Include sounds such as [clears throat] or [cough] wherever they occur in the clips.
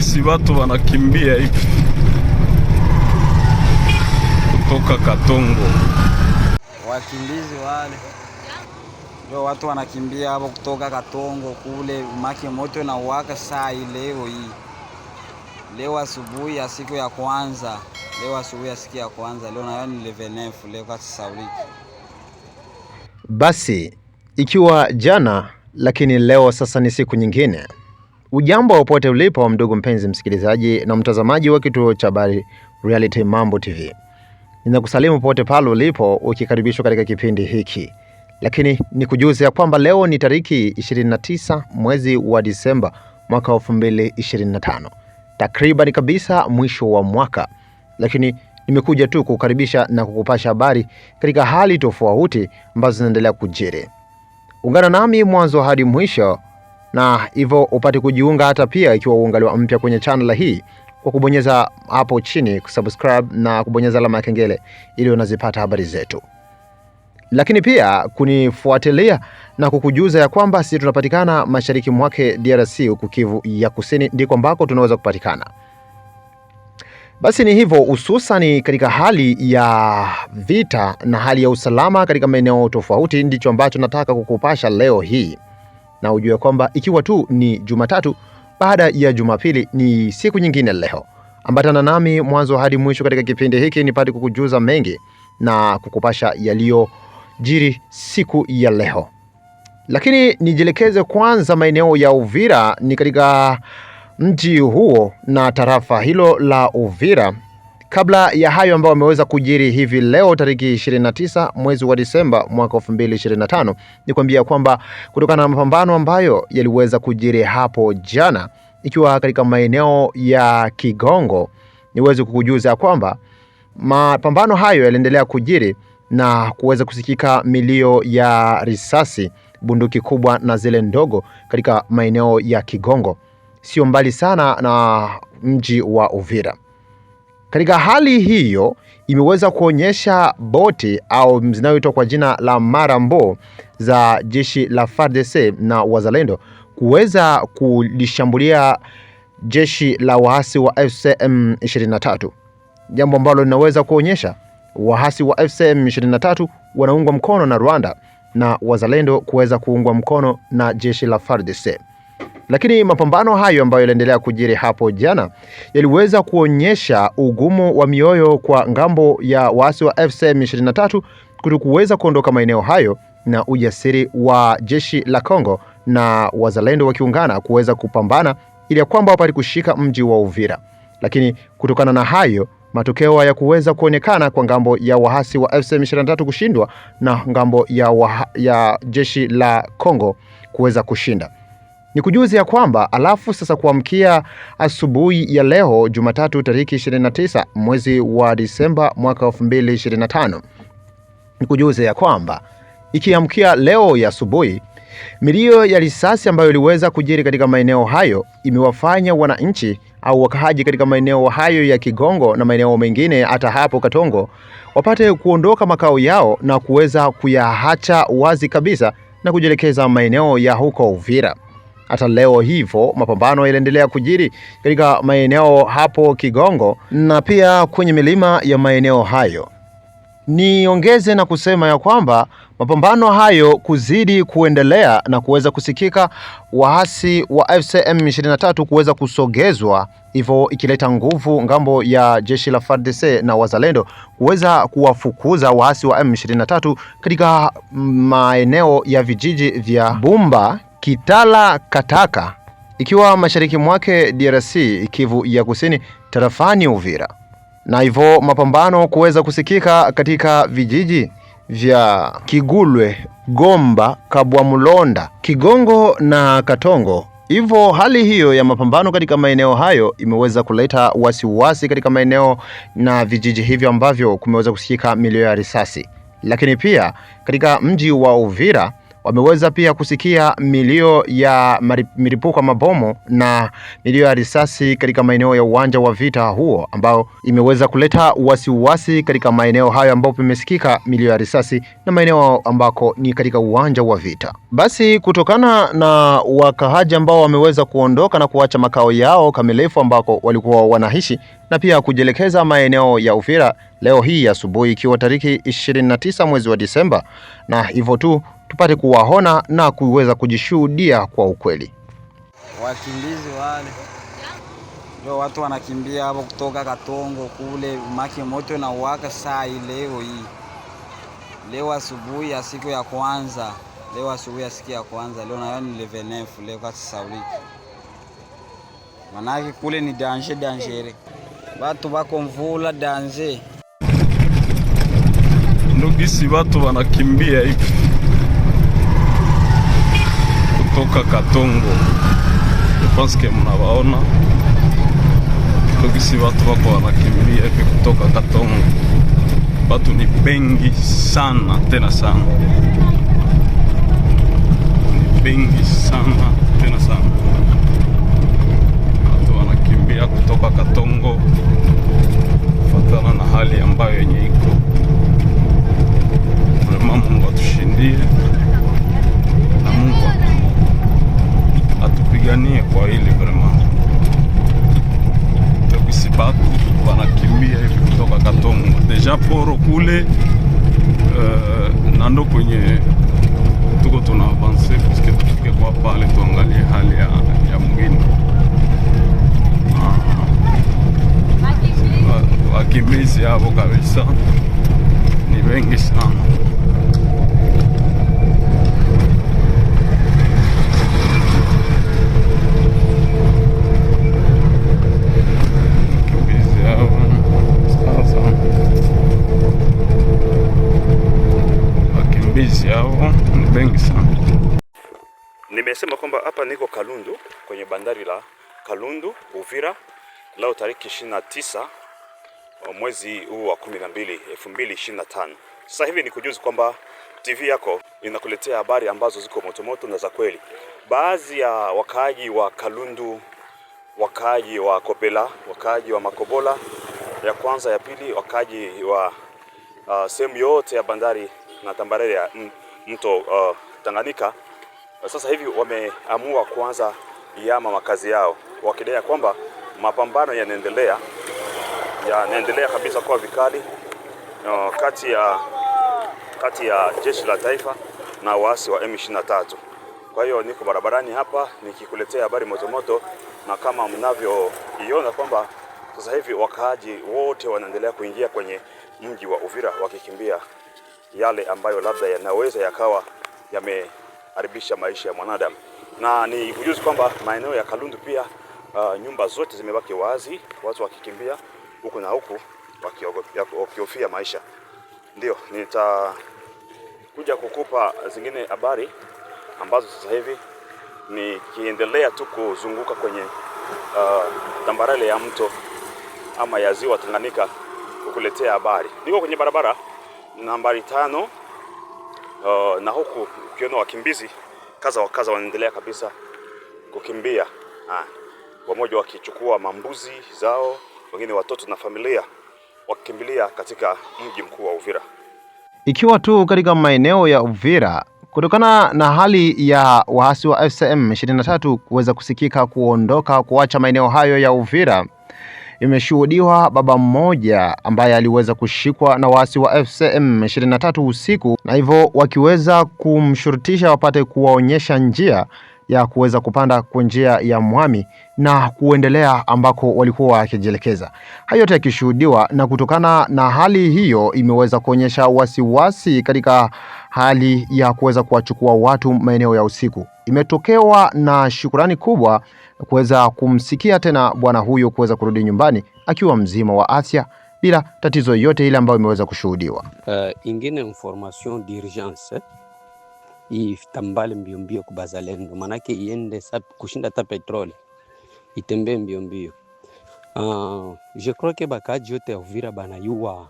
gisi watu wanakimbia hivi kutoka Katongo, wakimbizi wale ndio watu wanakimbia hapo kutoka Katongo kule, make moto na uwaka saa hii leo hii leo asubuhi ya siku ya kwanza leo asubuhi ya siku ya kwanza leo nayo ni levenefu leo kasauliki. Basi ikiwa jana, lakini leo sasa ni siku nyingine. Ujambo popote ulipo ndugu mpenzi msikilizaji na mtazamaji wa kituo cha habari Reality Mambo TV, ninakusalimu popote pale ulipo ukikaribishwa katika kipindi hiki, lakini nikujuze ya kwamba leo ni tariki 29 mwezi wa Disemba mwaka 2025, takriban kabisa mwisho wa mwaka, lakini nimekuja tu kukaribisha na kukupasha habari katika hali tofauti ambazo zinaendelea kujiri. Ungana nami mwanzo hadi mwisho na hivyo upate kujiunga hata pia ikiwa uungaliwa mpya kwenye channel hii kwa kubonyeza hapo chini kusubscribe na kubonyeza alama ya kengele ili unazipata habari zetu, lakini pia kunifuatilia na kukujuza ya kwamba sisi tunapatikana mashariki mwake DRC, huku Kivu ya Kusini ndiko ambako tunaweza kupatikana. Basi ni hivyo, hususani katika hali ya vita na hali ya usalama katika maeneo tofauti, ndicho ambacho nataka kukupasha leo hii na ujue kwamba ikiwa tu ni Jumatatu baada ya Jumapili ni siku nyingine leo. Ambatana nami mwanzo hadi mwisho katika kipindi hiki nipate kukujuza mengi na kukupasha yaliyojiri siku ya leo, lakini nijielekeze kwanza maeneo ya Uvira. Ni katika mji huo na tarafa hilo la Uvira Kabla ya hayo ambayo wameweza kujiri hivi leo tariki 29 mwezi wa Disemba mwaka 2025, ni kuambia kwamba kutokana na mapambano ambayo yaliweza kujiri hapo jana, ikiwa katika maeneo ya Kigongo, niweze kukujuza kwamba mapambano hayo yaliendelea kujiri na kuweza kusikika milio ya risasi, bunduki kubwa na zile ndogo katika maeneo ya Kigongo, sio mbali sana na mji wa Uvira. Katika hali hiyo imeweza kuonyesha boti au zinayoitwa kwa jina la Marambo za jeshi la FARDC na wazalendo kuweza kulishambulia jeshi la waasi wa FCM 23, jambo ambalo linaweza kuonyesha waasi wa FCM 23 wanaungwa mkono na Rwanda na wazalendo kuweza kuungwa mkono na jeshi la FARDC. Lakini mapambano hayo ambayo yaliendelea kujiri hapo jana yaliweza kuonyesha ugumu wa mioyo kwa ngambo ya waasi wa FCM 23 kutokuweza kuondoka maeneo hayo na ujasiri wa jeshi la Kongo na wazalendo wakiungana kuweza kupambana ili ya kwamba wapate kushika mji wa Uvira. Lakini kutokana na hayo matokeo ya kuweza kuonekana kwa ngambo ya waasi wa M23 kushindwa na ngambo ya, waha, ya jeshi la Kongo kuweza kushinda. Ni kujuzi ya kwamba alafu sasa kuamkia asubuhi ya leo Jumatatu tariki 29 mwezi wa Disemba mwaka 2025, ni kujuzi ya kwamba ikiamkia leo ya asubuhi milio ya risasi ambayo iliweza kujiri katika maeneo hayo imewafanya wananchi au wakahaji katika maeneo hayo ya Kigongo na maeneo mengine hata hapo Katongo wapate kuondoka makao yao na kuweza kuyaacha wazi kabisa na kujielekeza maeneo ya huko Uvira hata leo hivyo mapambano yaliendelea kujiri katika maeneo hapo Kigongo na pia kwenye milima ya maeneo hayo. Niongeze na kusema ya kwamba mapambano hayo kuzidi kuendelea na kuweza kusikika, waasi wa FCM 23 kuweza kusogezwa, hivyo ikileta nguvu ngambo ya jeshi la FARDC na wazalendo kuweza kuwafukuza waasi wa M23 katika maeneo ya vijiji vya Bumba Kitala Kataka ikiwa mashariki mwake DRC, Kivu ya Kusini, tarafani Uvira, na hivyo mapambano kuweza kusikika katika vijiji vya Kigulwe, Gomba, Kabwamulonda, Kigongo na Katongo. Hivyo hali hiyo ya mapambano katika maeneo hayo imeweza kuleta wasiwasi katika maeneo na vijiji hivyo ambavyo kumeweza kusikika milio ya risasi, lakini pia katika mji wa Uvira wameweza pia kusikia milio ya milipuko ya mabomu na milio ya risasi katika maeneo ya uwanja wa vita huo, ambao imeweza kuleta wasiwasi katika maeneo hayo ambapo imesikika milio ya risasi na maeneo ambako ni katika uwanja wa vita. Basi kutokana na wakahaji ambao wameweza kuondoka na kuacha makao yao kamilifu ambako walikuwa wanaishi na pia kujielekeza maeneo ya Uvira leo hii asubuhi, ikiwa tariki 29 mwezi wa Disemba, na hivyo tu tupate kuwaona na kuweza kujishuhudia kwa ukweli. Wakimbizi wale ndio watu wanakimbia hapo kutoka Katongo kule, maki moto na uwaka saa hii leo hii, leo asubuhi ya siku ya kwanza, leo asubuhi ya siku ya kwanza, leo nayo ni levenef leo kati manake kule ni danger danger, watu wako mvula danger ndugisi, watu wanakimbia hivi kutoka Katongo. Epanske mnawaona kogisi watu wako wanakimbilia hivi kutoka Katongo, watu ni bengi sana tena sana, ni bengi sana tena sana, watu wanakimbia kutoka Katongo kufatana na hali ambayo yenye iko Mungu atushindie na Mungu tupiganie kwa hili vraiment akusi batu wanakimbia hivi kutoka Katongo deja poro kule uh, kwenye tuko tuna avanse puisque tufike kwa pale tuangalie hali ya, ya mgini wakimbizi ah. wa, kabisa ni wengi sana. Nimesema kwamba hapa niko Kalundu kwenye bandari la Kalundu Uvira, leo tariki 29 uh, mwezi huu wa 12 2025. Sasa hivi ni kujuzi kwamba TV yako inakuletea habari ambazo ziko motomoto na za kweli. Baadhi ya wakaaji wa Kalundu, wakaaji wa Kopela, wakaaji wa Makobola ya kwanza, ya pili, wakaaji wa uh, sehemu yote ya bandari na tambarare ya mto uh, Tanganyika sasa hivi wameamua kuanza yama makazi yao wakidai ya kwamba mapambano yanaendelea yanaendelea kabisa kwa vikali no, kati ya kati ya jeshi la taifa na waasi wa M23. Kwa hiyo niko barabarani hapa nikikuletea habari motomoto, na kama mnavyoiona kwamba sasa hivi wakaaji wote wanaendelea kuingia kwenye mji wa Uvira wakikimbia yale ambayo labda yanaweza yakawa yame haribisha maisha ya mwanadamu, na ni kujuzi kwamba maeneo ya Kalundu pia uh, nyumba zote zimebaki wazi, watu wakikimbia huku na huku wakihofia maisha. Ndio nitakuja kukupa zingine habari ambazo sasa hivi nikiendelea tu kuzunguka kwenye uh, tambarale ya mto ama ya ziwa Tanganyika kukuletea habari. Niko kwenye barabara nambari tano uh, na huku ukiona wakimbizi kaza wakaza wanaendelea kabisa kukimbia ha. Ah, wamoja wakichukua mambuzi zao, wengine watoto na familia wakikimbilia katika mji mkuu wa Uvira, ikiwa tu katika maeneo ya Uvira kutokana na hali ya waasi wa FCM 23 kuweza kusikika kuondoka kuacha maeneo hayo ya Uvira imeshuhudiwa baba mmoja ambaye aliweza kushikwa na waasi wa FCM 23 usiku na hivyo wakiweza kumshurutisha wapate kuwaonyesha njia ya kuweza kupanda kwa njia ya Mwami na kuendelea ambako walikuwa wakijielekeza. Hayo yote yakishuhudiwa, na kutokana na hali hiyo imeweza kuonyesha wasiwasi katika hali ya kuweza kuwachukua watu maeneo ya usiku. Imetokewa na shukurani kubwa kuweza kumsikia tena bwana huyo kuweza kurudi nyumbani akiwa mzima wa afya bila tatizo yote ile ambayo imeweza kushuhudiwa. Uh, ingine information d'urgence eh, itambale mbiombio kubazalendo, manake iende kushinda ta petrole itembee mbio. Uh, je crois que bakaji yote ya Uvira banayua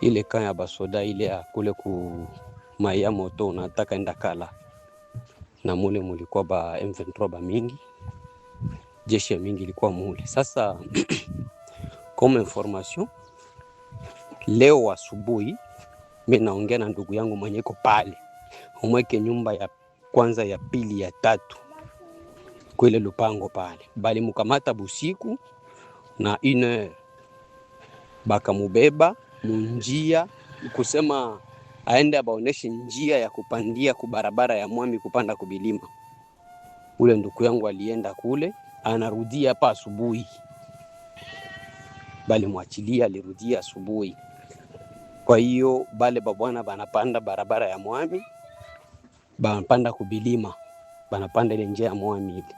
ile kaya basoda ile ya kule ku maya moto nataka enda kala na mule mulikuwa ba M23 ba mingi jeshi ya mingi ilikuwa mule. Sasa [clears throat] kama information leo asubuhi mimi naongea na ndugu yangu mwenye iko pale umweke nyumba ya kwanza ya pili ya tatu kwile lupango pale, bali mukamata busiku na ine bakamubeba munjia kusema aende abaoneshe njia ya kupandia kubarabara ya mwami kupanda kubilima. Ule ndugu yangu alienda kule anarudia hapa asubuhi, bali mwachilia alirudia asubuhi. Kwa hiyo bale babwana banapanda barabara ya mwami, banapanda kubilima, banapanda ile njia ya mwami ile,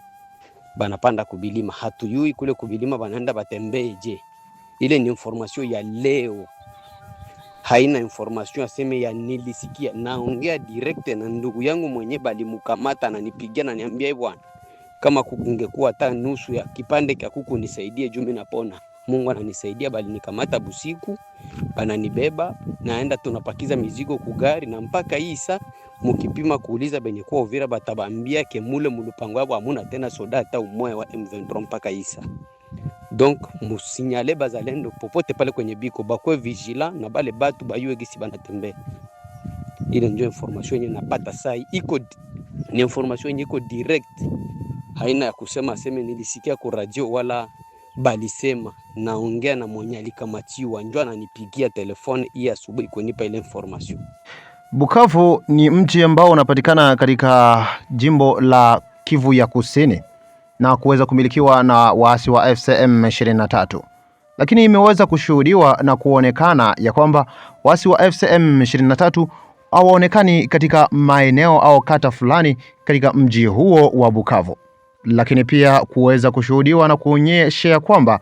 banapanda kubilima. Hatuyui kule kubilima banaenda batembeje. Ile ni information ya leo, haina information aseme ya nilisikia. Naongea direct na ndugu yangu mwenye balimukamata, ananipigia naniambia, bwana kama kungekuwa hata nusu ya kipande cha kuku nisaidie jumi napona. Mungu ananisaidia bali nikamata busiku bananibeba naenda, tunapakiza mizigo kugari na mpaka hii saa mukipima kuuliza benye kuwa Uvira batabambia ke mule mulupango yabo amuna tena soda hata umoya wa M23 mpaka hii saa. Donc musinyale bazalendo popote pale kwenye biko bakwe vigila na bale batu bayue gisi banatembea. Ile ndio information yenye napata sai iko ni information yenye iko direct haina ya kusema aseme nilisikia kwa radio wala balisema, naongea na mwenye alikamatiwa, njo ananipigia telefoni hii asubuhi kunipa ile information. Bukavu ni mji ambao unapatikana katika jimbo la Kivu ya Kusini na kuweza kumilikiwa na waasi wa FCM 23 lakini imeweza kushuhudiwa na kuonekana ya kwamba waasi wa FCM 23 hawaonekani katika maeneo au kata fulani katika mji huo wa Bukavu lakini pia kuweza kushuhudiwa na kuonyesha kwamba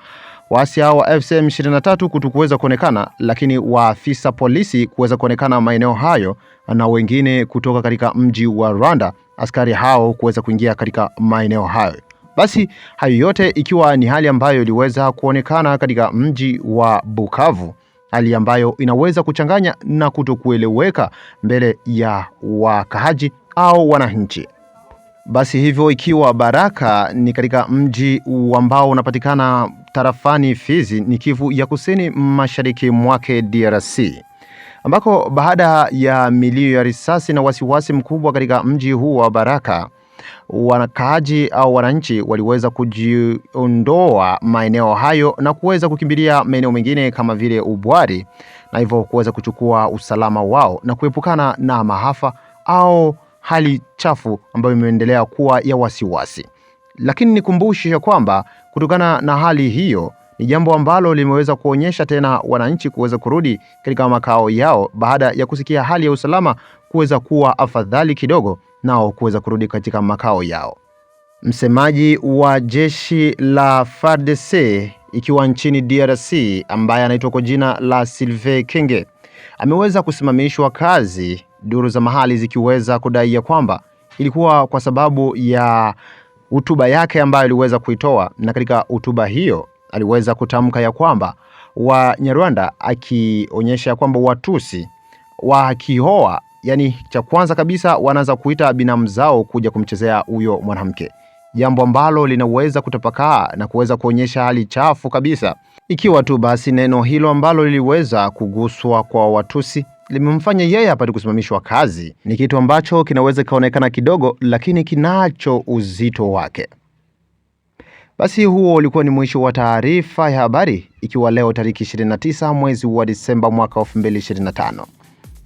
waasi hao wa AFC M23 kutokuweza kuonekana, lakini waafisa polisi kuweza kuonekana maeneo hayo na wengine kutoka katika mji wa Rwanda, askari hao kuweza kuingia katika maeneo hayo. Basi hayo yote ikiwa ni hali ambayo iliweza kuonekana katika mji wa Bukavu, hali ambayo inaweza kuchanganya na kutokueleweka mbele ya wakaaji au wananchi. Basi hivyo ikiwa Baraka ni katika mji ambao unapatikana tarafani Fizi, ni Kivu ya kusini mashariki mwake DRC, ambako baada ya milio ya risasi na wasiwasi mkubwa katika mji huu wa Baraka, wanakaaji au wananchi waliweza kujiondoa maeneo hayo na kuweza kukimbilia maeneo mengine kama vile Ubwari, na hivyo kuweza kuchukua usalama wao na kuepukana na maafa au hali chafu ambayo imeendelea kuwa ya wasiwasi. Lakini nikumbushe kwamba kutokana na hali hiyo ni jambo ambalo limeweza kuonyesha tena wananchi kuweza kurudi katika makao yao baada ya kusikia hali ya usalama kuweza kuwa afadhali kidogo, nao kuweza kurudi katika makao yao. Msemaji wa jeshi la FARDC ikiwa nchini DRC ambaye anaitwa kwa jina la Sylvain Kenge ameweza kusimamishwa kazi duru za mahali zikiweza kudai ya kwamba ilikuwa kwa sababu ya hotuba yake ambayo aliweza kuitoa, na katika hotuba hiyo aliweza kutamka ya kwamba Wanyarwanda, akionyesha kwamba Watusi wa Kihoa, yani cha kwanza kabisa wanaanza kuita binamu zao kuja kumchezea huyo mwanamke, jambo ambalo linaweza kutapakaa na kuweza kuonyesha hali chafu kabisa, ikiwa tu basi neno hilo ambalo liliweza kuguswa kwa Watusi limemfanya yeye apate kusimamishwa kazi. Ni kitu ambacho kinaweza kikaonekana kidogo, lakini kinacho uzito wake. Basi huo ulikuwa ni mwisho wa taarifa ya habari, ikiwa leo tariki 29 mwezi wa Disemba mwaka 2025.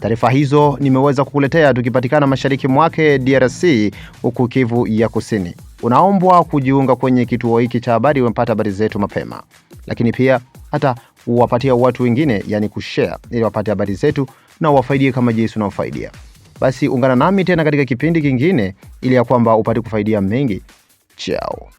Taarifa hizo nimeweza kukuletea tukipatikana mashariki mwake DRC, huku Kivu ya Kusini. Unaombwa kujiunga kwenye kituo hiki cha habari wapata habari zetu mapema, lakini pia hata uwapatia watu wengine, yani kushare, ili wapate habari zetu na uwafaidie kama jinsi unaofaidia. Basi ungana nami tena katika kipindi kingine, ili ya kwamba upate kufaidia mengi. Chao.